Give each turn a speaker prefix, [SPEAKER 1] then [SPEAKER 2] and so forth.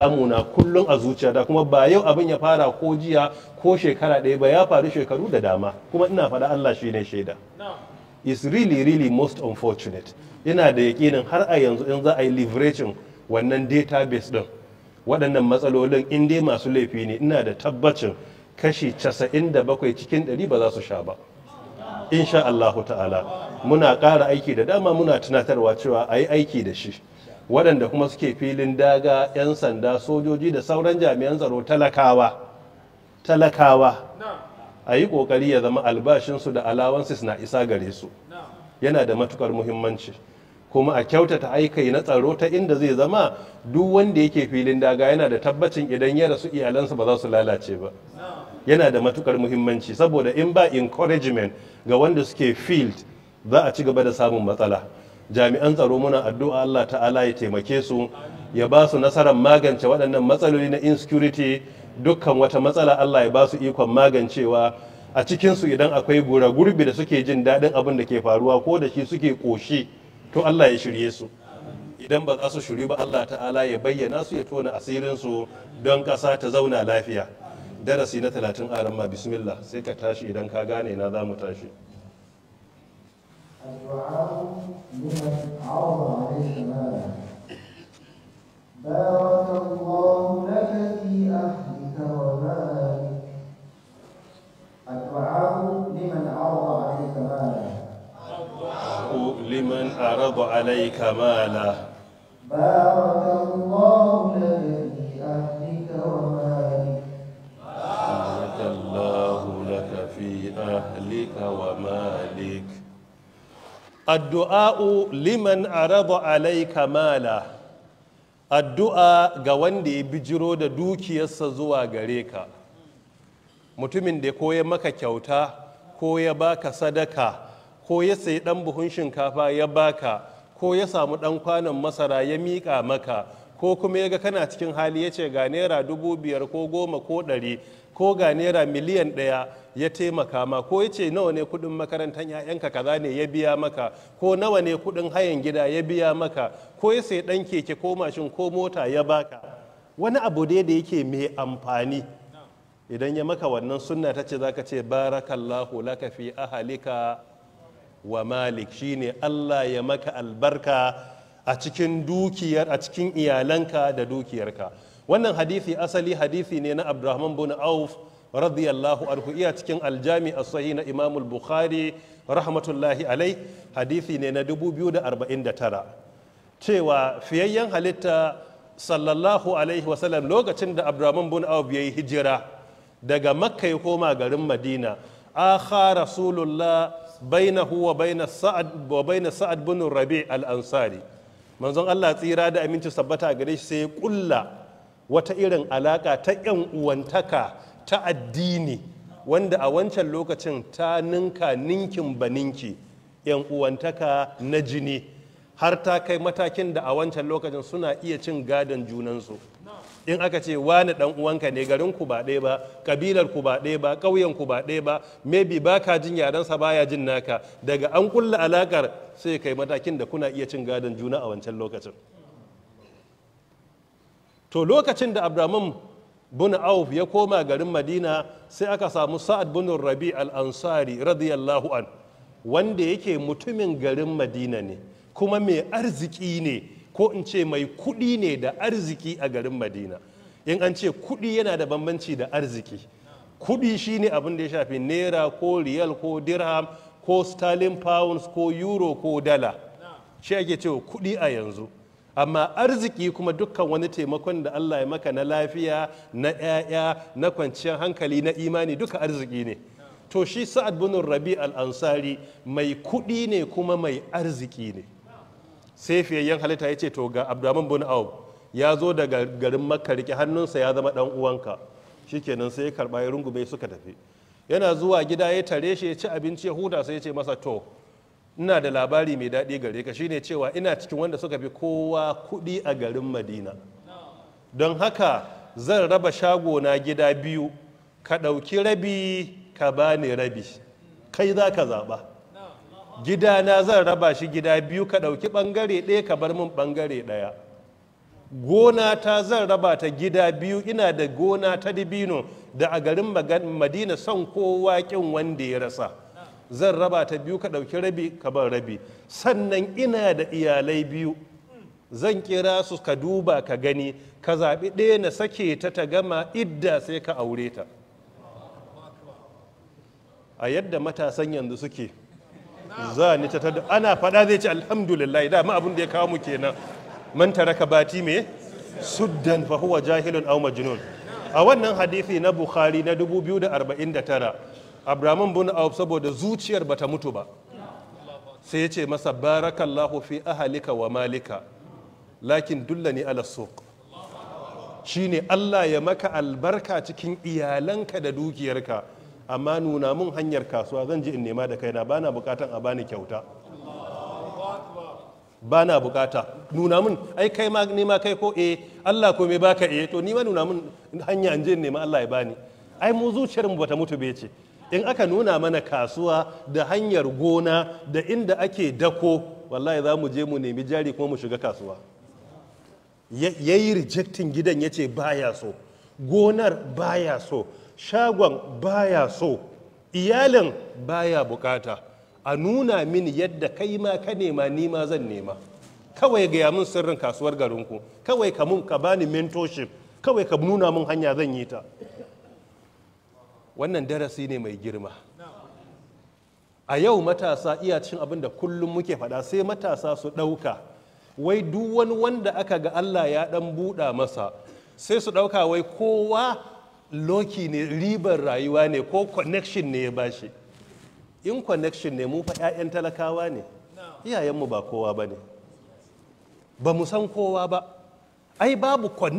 [SPEAKER 1] na kullum a zuciya da kuma ba yau abin ya fara ko jiya ko shekara ɗaya ba ya faru shekaru da dama kuma ina faɗa Allah shi ne shaida is really really most unfortunate yana da yakinin har a yanzu in za a yi leveraging wannan database ɗin waɗannan matsalolin in dai masu laifi ne ina da tabbacin kashi 97 cikin 100 ba za su sha ba insha Allahu ta'ala muna ƙara aiki da dama muna tunatarwa cewa a yi aiki da shi waɗanda kuma suke filin daga 'yan sanda sojoji da sauran jami'an tsaro talakawa talakawa a yi ƙoƙari ya zama albashinsu da allowances na isa gare su yana da matukar muhimmanci kuma a kyautata aikai na tsaro ta inda zai zama duk wanda yake filin daga yana da tabbacin idan ya rasu iyalansa ba za su lalace ba yana da matukar muhimmanci saboda in ba encouragement ga wanda suke field za a ci gaba da samun matsala jami'an tsaro muna addu'a Allah ta'ala ya taimake su ya ba su nasarar magance waɗannan matsaloli na insecurity dukkan wata matsala Allah ya ba su ikon magancewa a cikinsu idan akwai gura gurbi da suke jin daɗin abin da ke faruwa ko da shi suke ƙoshi to Allah ya shirye su idan ba za su shiri ba Allah ta'ala ya bayyana su ya tona asirin su don ƙasa ta zauna lafiya darasi na talatin a ramma bismillah sai ka tashi idan ka gane na za mu tashi الدعاء لمن عرض عليك ماله بارك الله لك في أهلك ومالك الدعاء لمن عرض عليك ماله الدعاء لمن عرض عليك ماله addu'a'u liman arabu alai kamala. addu'a ga wanda ya bijiro da dukiyarsa zuwa gare ka mutumin da ko ya maka kyauta ko ya baka sadaka ko ya sayi dan buhun shinkafa ya baka ko ya samu dan kwanan masara ya miƙa maka ko kuma ya ga kana cikin hali ya ce ga naira dubu biyar ko goma ko ɗari ko ga naira miliyan ɗaya ya taimaka ma ko ya ce nawa ne kuɗin makarantar ‘ya'yanka kaza ne ya biya maka ko nawa ne kuɗin hayan gida ya biya maka ko ya sai ɗan keke ko mashin ko mota ya baka wani abu dai da yake mai amfani idan ya maka wannan sunna ta ce zaka ce barakallahu laka fi ahalika wa malik shine Allah ya maka albarka a cikin dukiyar a cikin iyalanka da dukiyarka wannan hadisi asali hadisi ne na abdurrahman bin auf radiyallahu anhu iya cikin aljami a sahi na imamul bukhari rahmatullahi alai hadisi ne na 2049 cewa fiyayyen halitta sallallahu alaihi wasallam lokacin da abdurrahman bin auf ya yi hijira daga makka ya koma garin madina akha rasulullah bainahu wa baina sa'ad bin rabi al-ansari manzon Allah tsira da aminci sabbata gare shi sai ya kulla wata irin alaka ta yan uwantaka ta addini wanda a wancan lokacin ta ninka ninkin baninki yan uwantaka na jini har ta kai matakin da a wancan lokacin suna iya cin gadon junansu in aka ce wani dan uwanka ne garin ku ba ɗaya ba kabilar ku ba ɗaya ba ƙauyen ku ba ɗaya ba maybe baka jin yarensa baya jin naka daga an kulla alakar sai kai matakin da kuna iya cin gadon juna a wancan lokacin to lokacin da abraham bin auf ya koma garin madina sai aka samu sa'ad bin rabi al-ansari radiyallahu an wanda yake mutumin garin madina ne kuma mai arziki ne ko in ce mai kuɗi ne da arziki a garin madina in an ce kuɗi yana da bambanci da arziki kuɗi shine abin da ya shafi naira ko riyal ko dirham ko sterling pounds ko euro ko dala shi ake cewa kuɗi a yanzu amma arziki kuma dukkan wani taimakon da Allah ya maka na lafiya na 'ya'ya na kwanciyar hankali na imani duka arziki ne to shi sa'ad bin rabi al-ansari mai kuɗi ne kuma mai arziki ne sai fiyayyen halitta ya ce to ga abdurrahman bin auf ya zo daga garin makka rike hannunsa ya zama dan uwanka shikenan sai ya karba ya rungume suka tafi yana zuwa gida ya tare shi ya ci abinci ya huta sai ya ce masa to ina da labari mai daɗi gare ka shine cewa ina cikin wanda suka fi kowa kuɗi a garin madina don haka zan raba shago na gida biyu ka ɗauki rabi ka bani rabi kai za ka zaɓa gidana zan raba shi gida biyu ka ɗauki ɓangare ɗaya ka bar min ɓangare ɗaya gona ta zan raba ta gida biyu ina da gona ta dibino da a garin madina son kowa ƙin wanda ya rasa zan raba ta biyu ka ɗauki rabi ka bar rabi sannan ina da iyalai biyu zan kira su ka duba ka gani ka zaɓi ɗaya na sake ta ta gama idda sai ka aure ta a yadda matasan yanzu suke za ni ta tada ana faɗa zai ce alhamdulillah dama abin da ya kawo mu kenan man taraka bati me suddan fa huwa jahilun aw majnun a wannan hadisi na bukhari na 2049 abraman bin auf saboda zuciyar bata mutu ba sai ya ce masa barakallahu fi ahalika wa malika lakin dullani ala suq shine Allah ya maka albarka cikin iyalanka da dukiyarka amma nuna mun hanyar kasuwa zan je in nema da kaina bana bukatan a bani kyauta bana bukata nuna mun ai kai ma nema kai ko e Allah ko me baka e eh, to ni ma nuna mun hanya in je in nema Allah ya bani ai mu zuciyar mu bata mutu be ce in aka nuna mana kasuwa da hanyar gona da inda ake dako wallahi za mu je mu nemi jari kuma mu shiga kasuwa yayi yi gidan yace baya so gonar baya so shagon baya so iyalin baya bukata a nuna mini yadda kai ma ka nema ni ma zan nema kawai gaya min sirrin kasuwar garinku kawai ka mun ka bani mentorship kawai ka nuna mun hanya zan yi ta wannan darasi ne mai girma a yau matasa iya cin abin da kullum muke faɗa sai matasa su ɗauka wai duk wani wanda aka ga Allah ya ɗan buɗa masa sai su ɗauka wai kowa loki ne ribar rayuwa ne ko connection ne ya bashi in connection ne mu fa 'ya'yan talakawa ne iyayenmu ba kowa ba ne ba mu san kowa ba ai babu connection